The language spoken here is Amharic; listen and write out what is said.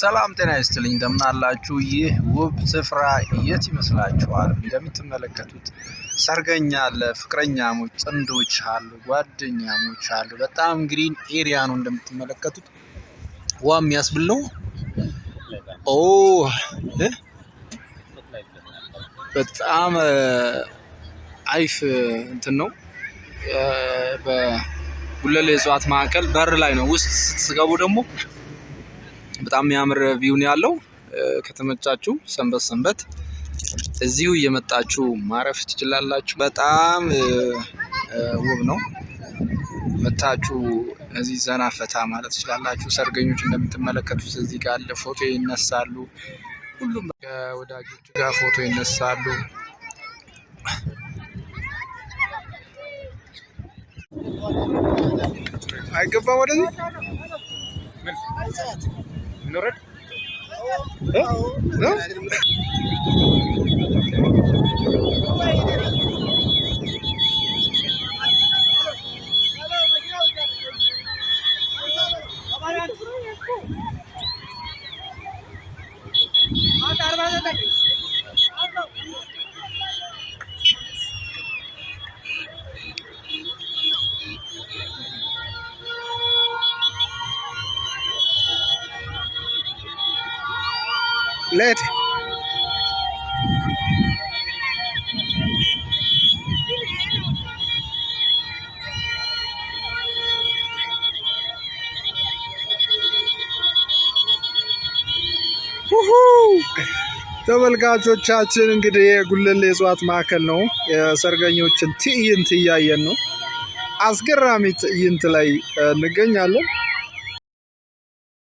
ሰላም ጤና ይስጥልኝ። እንደምን አላችሁ? ይህ ውብ ስፍራ የት ይመስላችኋል? እንደምትመለከቱት ሰርገኛ አለ፣ ፍቅረኛሞች ጥንዶች አሉ፣ ጓደኛሞች አሉ። በጣም ግሪን ኤሪያ ነው እንደምትመለከቱት። ዋ የሚያስብለው ኦ በጣም አይፍ እንትን ነው። በጉለሌ እጽዋት መካከል በር ላይ ነው። ውስጥ ስትገቡ ደግሞ በጣም የሚያምር ቪው ነው ያለው። ከተመቻችሁ ሰንበት ሰንበት እዚሁ እየመጣችሁ ማረፍ ትችላላችሁ። በጣም ውብ ነው። መታችሁ እዚህ ዘና ፈታ ማለት ትችላላችሁ። ሰርገኞች እንደምትመለከቱት እዚህ ጋር አለ፣ ፎቶ ይነሳሉ። ሁሉም ከወዳጆቹ ጋር ፎቶ ይነሳሉ። አይገባም ወደዚህ Menurut? Huh? Huh? Ah, tá, lete ተመልካቾቻችን እንግዲህ የጉለሌ እጽዋት ማዕከል ነው። የሰርገኞችን ትዕይንት እያየን ነው። አስገራሚ ትዕይንት ላይ እንገኛለን።